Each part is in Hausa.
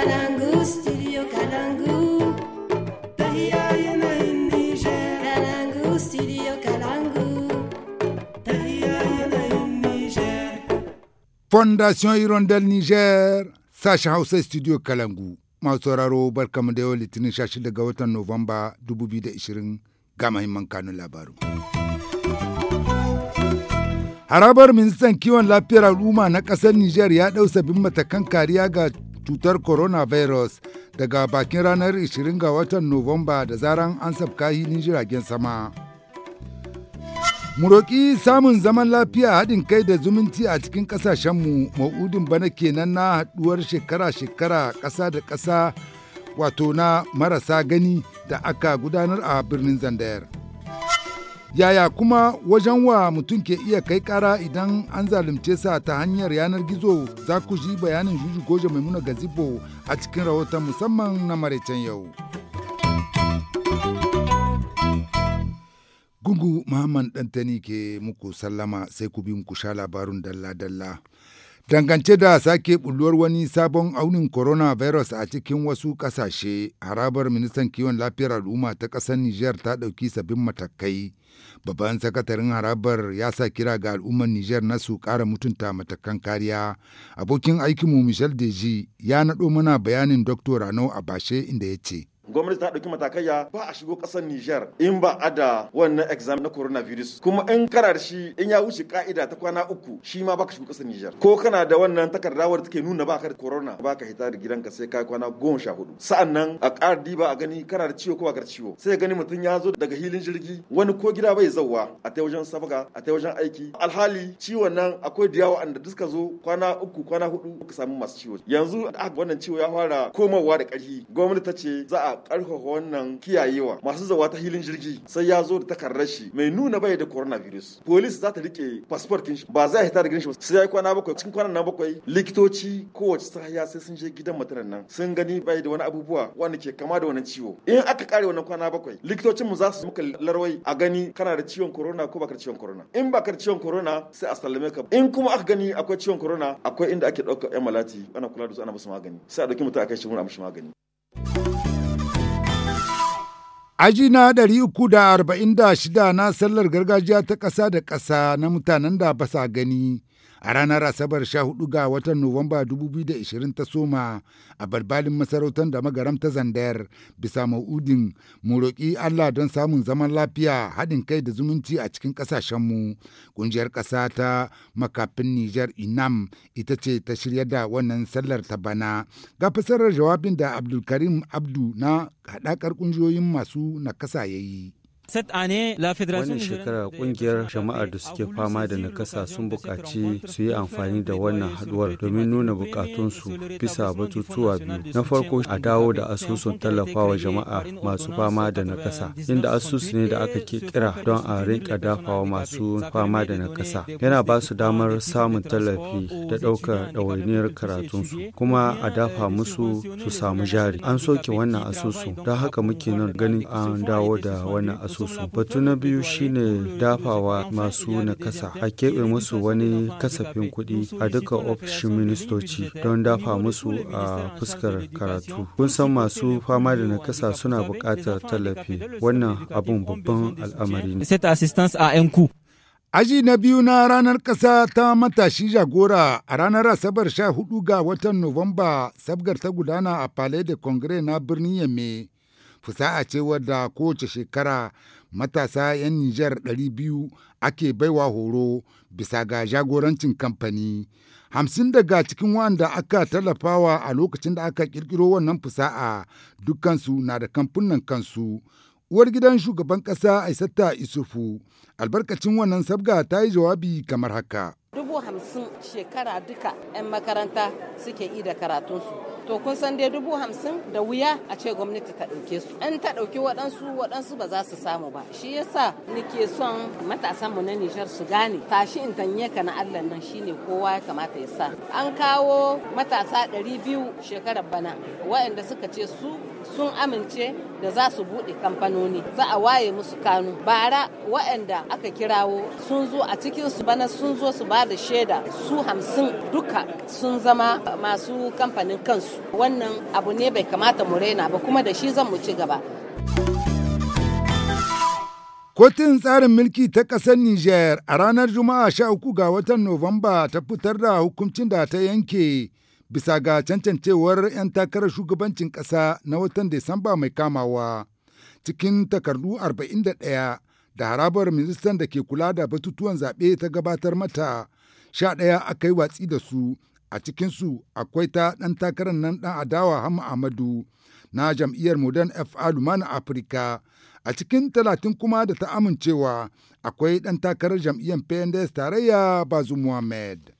Kalangu, studio Kalangu. Kalangu, studio Kalangu. Fondation Hirondelle Niger, sacha Hausa studio Kalangu. Masu sauraro barkamu da yau litinin 16 ga watan Nuwamba 2020 ga mahimman kanun labaru. Harabar ministan kiwon lafiyar al'umma na ƙasar Nijar ya ɗau sabbin matakan kariya ga cutar coronavirus daga bakin ranar 20 ga watan Nuwamba da zaran an sabka hilin jiragen sama. Mu roƙi samun zaman lafiya haɗin kai da zumunci a cikin ƙasashenmu ma'udin bana kenan na haɗuwar shekara-shekara ƙasa da ƙasa wato na marasa gani da aka gudanar a birnin Zandayar. yaya kuma wajen wa mutum ke iya kai kara idan an zalunce sa ta hanyar yanar gizo za ku ji bayanin juju goje maimuna gazibo a cikin rahoton musamman na maraicen yau gungu muhammad ɗantani ke muku sallama sai ku bi muku sha labarun dalla-dalla Dangance da sake bulluwar wani sabon aunin coronavirus a cikin wasu ƙasashe, harabar ministan kiwon lafiyar al'umma ta ƙasar Niger ta ɗauki sabbin matakai. Babban sakatarin harabar ya sa kira ga al'ummar Niger na su ƙara mutunta matakan kariya. Abokin aikinmu Michel Deji ya naɗo mana bayanin Dr. Rano Abashe inda ya ce. gwamnati ta ɗauki matakaiya ba a shigo ƙasar Nijar in ba a da wannan exam na coronavirus kuma in karar shi in ya wuce ka'ida ta kwana uku shi ma baka shigo ƙasar Nijar ko kana da wannan takarda wadda take nuna baka da corona baka hita da gidanka sai ka kwana goma sha hudu sa'annan a ƙara diba a gani kana da ciwo ko a da ciwo sai gani mutum ya zo daga hilin jirgi wani ko gida bai zauwa a ta wajen safaka a ta wajen aiki alhali ciwon nan akwai da yawa da suka zo kwana uku kwana hudu ka samu masu ciwo yanzu wannan ciwo ya fara komawa da ƙarfi gwamnati ta ce za a karfafa wannan kiyayewa masu zawa ta hilin jirgi sai ya zo da takardar shi mai nuna bai da coronavirus police za ta rike passport din shi ba za a hita da shi ba sai ya kwana bakwai cikin kwanan na bakwai likitoci kowace sahiya sai sun je gidan mutanen nan sun gani bai da wani abubuwa wanda ke kama da wani ciwo in aka kare wannan kwana bakwai likitocin mu za su muka larwai a gani kana da ciwon corona ko baka da ciwon corona in baka da ciwon corona sai a sallame ka in kuma aka gani akwai ciwon corona akwai inda ake ɗaukar yan malati ana kula da su ana musu magani sai a ɗauki mutum a kai shi wurin a mishi magani. Aji na 346 na sallar gargajiya ta ƙasa da ƙasa na mutanen da basa gani a ranar asabar sha-hudu ga watan nuwamba 2020 ta soma a balbalin masarautar da magaram ta zandar bisa ma'udin mu roƙi allah don samun zaman lafiya haɗin kai da zumunci a cikin ƙasashenmu ƙungiyar ƙasa ta makafin nijar inam ita ce ta shirya da wannan sallar ta bana ga fasarar jawabin da abdulkarim abdu na haɗakar ƙungiyoyin masu nakasa ya yi Wannan shekara kungiyar jama'ar da suke fama da nakasa sun buƙaci su yi amfani da wannan haduwar domin nuna buƙatunsu bisa batutuwa biyu. Na farko a dawo da asusun tallafawa jama'a masu fama da nakasa, inda asusu ne da aka kira don a rinka dafawa masu fama da nakasa. Yana ba su damar samun tallafi da ɗaukar ɗawainiyar karatunsu, kuma a dafa musu su samu jari. An soke wannan asusu, don haka muke nan ganin an dawo da wannan asusu. asusu batu na biyu shine dafawa masu nakasa a keɓe musu wani kasafin kuɗi a duka ofishin ministoci don dafa musu a fuskar karatu kun san masu fama da nakasa suna buƙatar tallafi wannan abun babban al'amari ne Aji na biyu na ranar ƙasa ta matashi jagora a ranar Asabar sha hudu ga watan Nuwamba sabgar ta gudana a Palais de Congrès na birnin Yamme. fusa'a ce wadda kowace shekara matasa 'yan Nijar 200 ake baiwa horo bisa ga jagorancin kamfani. Hamsin daga cikin wanda aka tallafawa a lokacin da aka kirkiro wannan fusa'a dukansu na da kamfunan kansu. Uwar gidan shugaban ƙasa Aisata Isufu, albarkacin wannan sabga ta yi jawabi kamar haka. Dubu hamsin shekara duka 'yan makaranta suke yi da karatunsu. to kun san dai dubu hamsin da wuya a ce gwamnati ta ɗauke su in ta ɗauki waɗansu waɗansu ba za su samu ba shi yasa nake son matasan mu na Nijar su gane tashi in tanye ka na Allah nan shine kowa ya kamata ya sa an kawo matasa ɗari biyu shekarar bana waɗanda suka ce su sun amince da za su buɗe kamfanoni za a waye musu kanu bara waɗanda aka kirawo sun zo a cikin su bana sun zo su ba da shaida su hamsin duka sun zama masu kamfanin kansu wannan abu ne bai kamata mu raina ba kuma da shi zan mu ci gaba Kotun tsarin mulki ta ƙasar Nijar a ranar Juma'a 13 ga watan Nuwamba ta fitar da hukuncin da ta yanke bisa ga cancancewar 'yan takarar shugabancin ƙasa na watan Disamba mai kamawa cikin takardu 41 da harabar ministan da ke kula da batutuwan zaɓe ta gabatar mata sha ɗaya aka yi watsi da su a cikinsu akwai ta ɗan takarar nan ɗan adawa Hamma ahmadu na jam'iyyar modern fa lumana afirka a cikin talatin kuma da ta amincewa akwai ɗan takarar jam'iyyar pnds tarayya bazu muhammad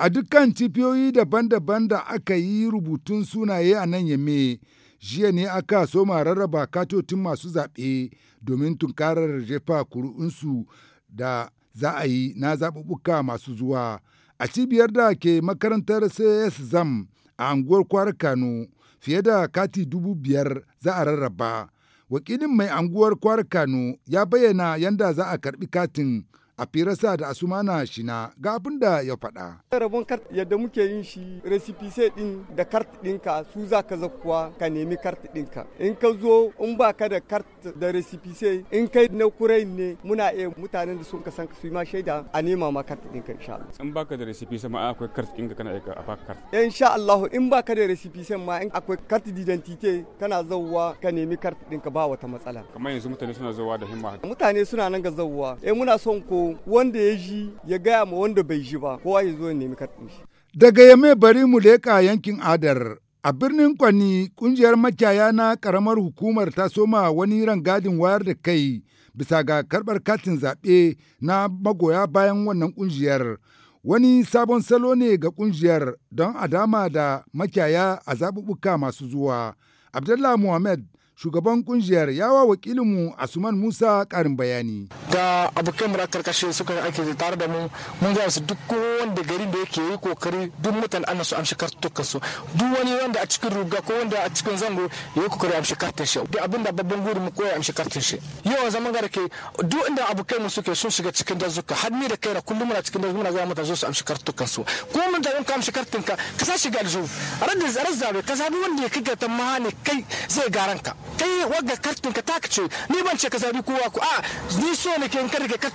A dukkan cibiyoyi daban-daban da aka yi rubutun sunaye a nan Yame, jiya ne aka soma rarraba katotin masu zaɓe domin tunkarar jefa kuri'unsu da za a yi na zaɓuɓɓuka masu zuwa. A cibiyar da ke makarantar CS Zam a anguwar Kwara Kano, fiye da kati dubu biyar za a rarraba. Wakilin mai anguwar Kwara Kano ya bayyana yadda za a karɓi katin a firarsa da asumana shina ga abin da ya faɗa. rabon kart yadda muke yin shi recipise din da kart ɗinka su za ka zakuwa ka nemi kart ɗinka in ka zo in ba ka da kart da sai in kai na kurai ne muna iya mutanen da sun kasan su ma shaida a nema ma kart ɗinka insha Allah. in ka da sai ma akwai kart ɗinka kana iya a baka kart. insha Allah in ba ka da sai ma in akwai kart d'identité kana zauwa ka nemi kart ɗinka ba wata matsala. kamar yanzu mutane suna zauwa da himma. mutane suna nan ga zauwa eh muna son ko wanda ya ji ya gaya ma wanda bai ji ba kowa ya zo ya nemi karɓin shi. Daga yame bari mu leƙa yankin Adar. A birnin Kwani, kungiyar makiyaya na ƙaramar hukumar ta soma wani rangadin wayar da kai bisa ga karɓar katin zaɓe na magoya bayan wannan kungiyar. Wani sabon salo ne ga kungiyar don a dama da makiyaya a zaɓuɓɓuka masu zuwa. Abdullah muhammed. shugaban kungiyar yawa wakilinmu Asuman Musa karin bayani. Ga abokan mura karkashin suka yi aiki tare da mu mun ga su duk wanda garin da yake yi kokari duk mutane ana su amshi kartukan su duk wani wanda a cikin ruga ko wanda a cikin zango ya yi kokari amshi kartun shi duk abinda da babban guri mu koya amshi kartun shi. a zaman gara ke duk inda abokan mu suke sun shiga cikin dazuka har ni da kai da kullum muna cikin dazuka muna gaya mata zo su amshi kartukan su ko mun da yanka amshi kartin ka ka sa shiga aljihu a radin zarar zabe ka zabi wanda ya ga ta mahali kai zai garanka. kai eh, wagga kartin ka taka ce ni ban ce ka zabi kowa ku a ni so ne ke ka rike ka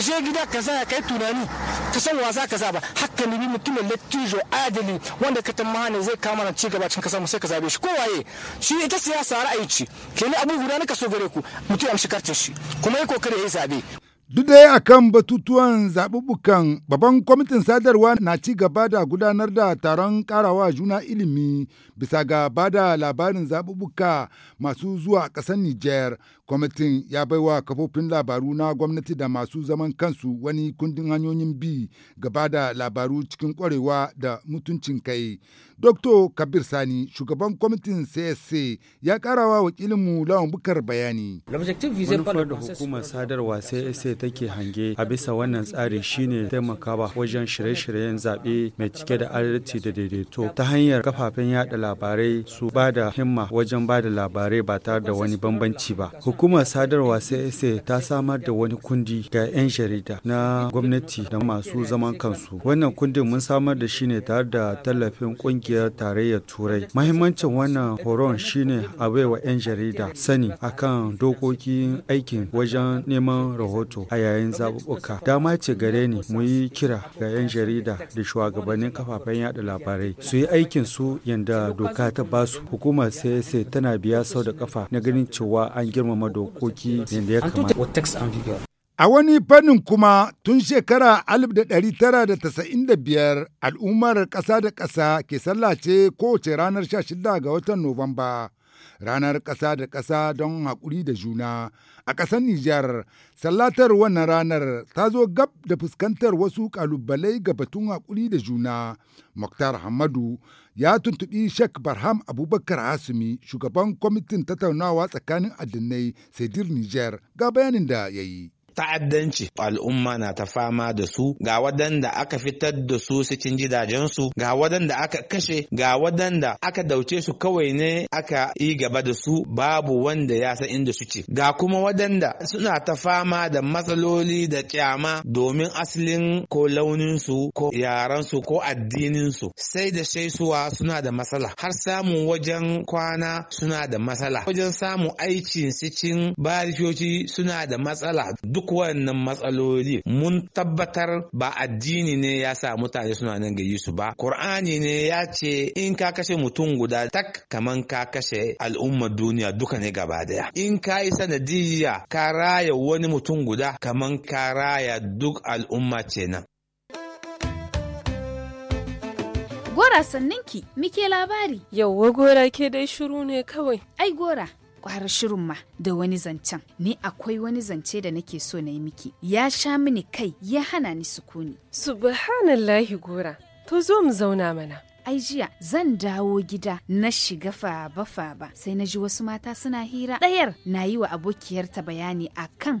je gida ka zaya yi tunani ka san wa za ka zaba haka ne ni mutumin lattijo adali wanda ka tamma ne zai kama na ci gaba cikin ka mu sai ka zabe shi ko waye shi ita siyasa ra'ayi ce ke ni abu guda ka so gare ku mutum amshi kartin shi kuma yi kokari ya yi zabe Duk dai a kan batutuwan zaɓuɓɓukan babban kwamitin sadarwa na ci gaba da gudanar da taron karawa juna ilimi bisa ga bada labarin zaɓuɓɓuka masu zuwa ƙasar Nijar Kwamitin ya baiwa kafofin labaru na gwamnati da masu zaman kansu wani kundin hanyoyin bi gaba da labaru cikin kwarewa da mutuncin kai. Dr. Kabir Sani, shugaban kwamitin CSC ya karawa wakilinmu Lawan Bukar bayani. Manufar da hukumar sadarwa CSA take hange a bisa wannan tsari shine taimakawa wajen shirye-shiryen zaɓe mai cike da adalci da daidaito ta hanyar kafafen yada labarai su ba da himma wajen ba da labarai ba tare da wani bambanci ba. Hukumar sadarwa sai ta samar da wani kundi ga 'yan jarida na gwamnati da masu zaman kansu. Wannan kundin mun samar da shi ne tare da tallafin kungiyar tarayyar Turai. Mahimmancin wannan horon shine a baiwa 'yan jarida sani akan dokokin aikin wajen neman rahoto a yayin zaɓuɓɓuka. Dama ce gare ni mu yi kira ga 'yan jarida da shugabannin kafafen yada labarai su yi aikin su yanda doka ta basu. Hukumar sai tana biya sau da kafa na ganin cewa an girmama kuma dokoki da ya kamata. A wani fannin kuma tun shekara 1995 al'ummar ƙasa da ƙasa ke sallace kowace ranar 16 ga watan Nuwamba ranar ƙasa da ƙasa don haƙuri da juna a ƙasar Nijar sallatar wannan ranar ta zo gab da fuskantar wasu ƙalubalai ga batun haƙuri da juna Muktar Hamadu ya tuntuɓi Sheikh Barham Abubakar Hasumi shugaban kwamitin tattaunawa tsakanin addinai Sedir Nijar ga bayanin da ya yi. ta'addanci al'umma na ta fama da su ga waɗanda aka fitar da su cikin gidajensu ga waɗanda aka kashe ga wadanda aka dauce su kawai ne aka yi gaba da su babu wanda ya san inda suke ga kuma wadanda suna ta fama da matsaloli da kyama domin asalin ko launinsu ko su ko addininsu sai da shaisuwa suna da matsala har samun wajen kwana suna da matsala wajen samun aiki cikin barifoci suna da matsala duk duk wannan matsaloli mun tabbatar ba addini ne ya sa mutane suna nan gayi su ba Qur'ani ne ya ce in ka kashe mutum guda tak kaman ka kashe al'ummar duniya duka ne gaba daya in ka yi sanadiyya ka raya wani mutum guda kaman ka raya duk al'umma ce nan Gora sanninki, muke labari. Yauwa gora ke dai shiru ne kawai. Ai gora, kwara shirin ma da wani zancen ni akwai wani zance da nake so na yi miki ya sha mini kai ya hana ni sukuni subhanallahi gora to zo mu zauna mana ai jiya zan dawo gida na shiga faba-faba sai na ji wasu mata suna hira ɗayar na yi wa abokiyarta bayani akan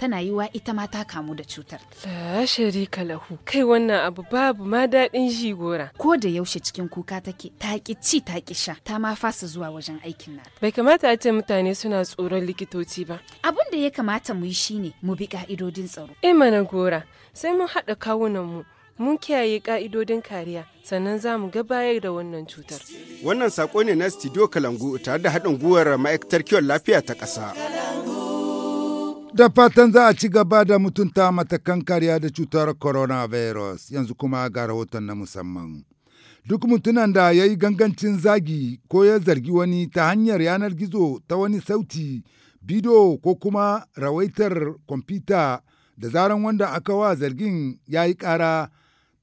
tana yiwa ita ma ta kamu da cutar. La sharika lahu kai wannan abu babu ma daɗin ji gora. Ko da yaushe cikin kuka take ta ki ci ta ki sha ta ma fasa zuwa wajen aikin na. Bai kamata a ce mutane suna tsoron likitoci ba. Abin da ya kamata mu yi shi ne mu bi ƙa'idodin tsaro. Eh mana gora sai mun haɗa kawunan mu. mun kiyaye ƙa'idodin kariya sannan za mu bayar da wannan cutar. Wannan saƙo ne na Studio Kalangu tare da haɗin gwiwar ma'aikatar kiwon lafiya ta ƙasa. Da fatan za a ci gaba da mutunta matakan kariya da cutar coronavirus yanzu kuma ga rahoton na musamman. Duk mutunan da ya yi gangancin zagi ko ya zargi wani ta hanyar yanar gizo ta wani sauti, bido ko kuma rawaitar kwamfuta da zaran wanda aka wa zargin ya yi kara.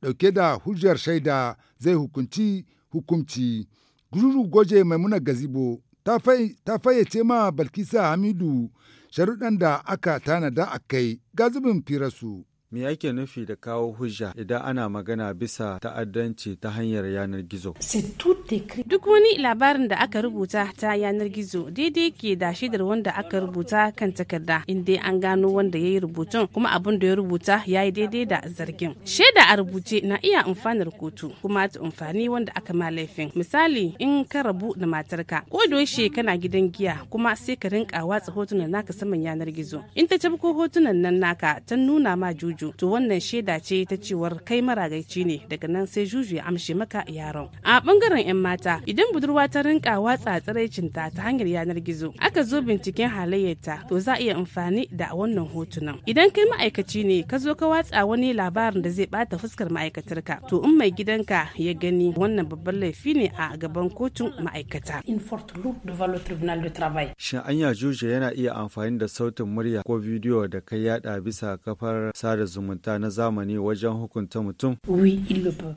ɗauke da hujjar shaida zai hukunci hukunci. Gururu goje maimuna gazibo ta fayyace ma Balkisa Hamidu sharuɗan da aka tanada a kai gazibin firarsu. Me yake nufi da kawo hujja idan ana magana bisa ta'addanci ta hanyar yanar gizo? Duk wani labarin da aka rubuta ta yanar gizo daidai ke da shaidar wanda aka rubuta kan takarda inda an gano wanda ya yi rubutun kuma abin da ya rubuta ya yi daidai da zargin. Shaida a rubuce na iya amfanar kotu kuma ta amfani wanda aka ma laifin. Misali in ka rabu da matarka ko yaushe kana gidan giya kuma sai ka rinka watsa hotunan naka saman yanar gizo. In ta ko hotunan nan naka ta nuna ma juji juju to wannan shaida ce ta cewar kai maragaici ne daga nan sai juju ya amshe maka yaron a bangaren yan mata idan budurwa ta rinka watsa tsiraicinta ta hanyar yanar gizo aka zo binciken halayyarta to za a iya amfani da wannan hotunan idan kai ma'aikaci ne ka zo ka watsa wani labarin da zai bata fuskar ma'aikatarka to in mai gidanka ya gani wannan babban laifi ne a gaban kotun ma'aikata shin anya juju yana iya amfani da sautin murya ko bidiyo da kai yada bisa kafar sada zumunta na zamani wajen hukunta mutum?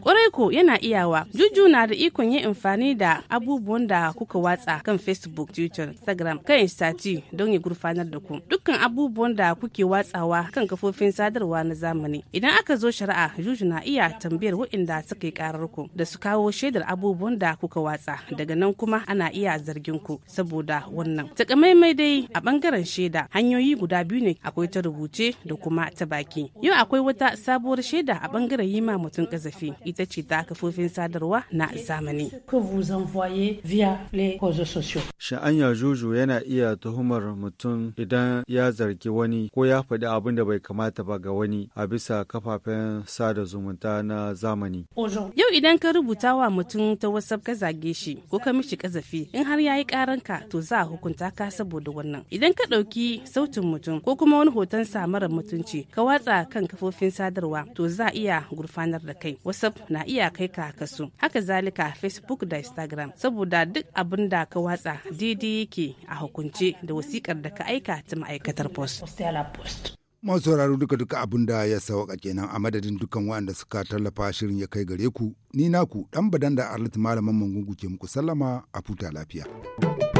Kwarai ko yana iyawa. Juju na da ikon yin amfani da abubuwan da kuka watsa kan Facebook, Twitter, Instagram, kan Instati don ya gurfanar da ku. Dukkan abubuwan da kuke watsawa kan kafofin sadarwa na zamani. Idan aka zo shari'a, Juju na iya tambayar waɗanda suka yi karar ku da su kawo shaidar abubuwan da kuka watsa. Daga nan kuma ana iya zargin ku saboda wannan. Takamaimai dai a ɓangaren shaida hanyoyi guda biyu ne akwai ta rubuce da kuma ta baki Yau akwai wata sabuwar shaida a bangaren yi ma mutum kazafi ita ce ta kafofin sadarwa na zamani. Sha'anya juju yana iya tuhumar mutum idan ya zargi wani ko ya faɗi abin da bai kamata ba ga wani a bisa kafafen sada zumunta na zamani. Yau idan ka rubuta wa mutum ta WhatsApp ka zage shi ko ka mishi kazafi in har ya yi karanka to za a hukunta ka saboda wannan. Idan ka ɗauki sautin mutum ko kuma wani hoton samarar mutunci ka watsa kan kafofin sadarwa to za a iya gurfanar da kai whatsapp na iya kai ka kasu haka zalika facebook da instagram saboda duk abin da ka watsa didi yake a hukunce da wasikar da ka aika ta ma'aikatar post masu sauraro duka duka abin da ya sawaka kenan a madadin dukan waɗanda suka tallafa shirin ya kai gare ku ni naku dan badan da arlit malaman mangungu ke muku sallama a futa lafiya.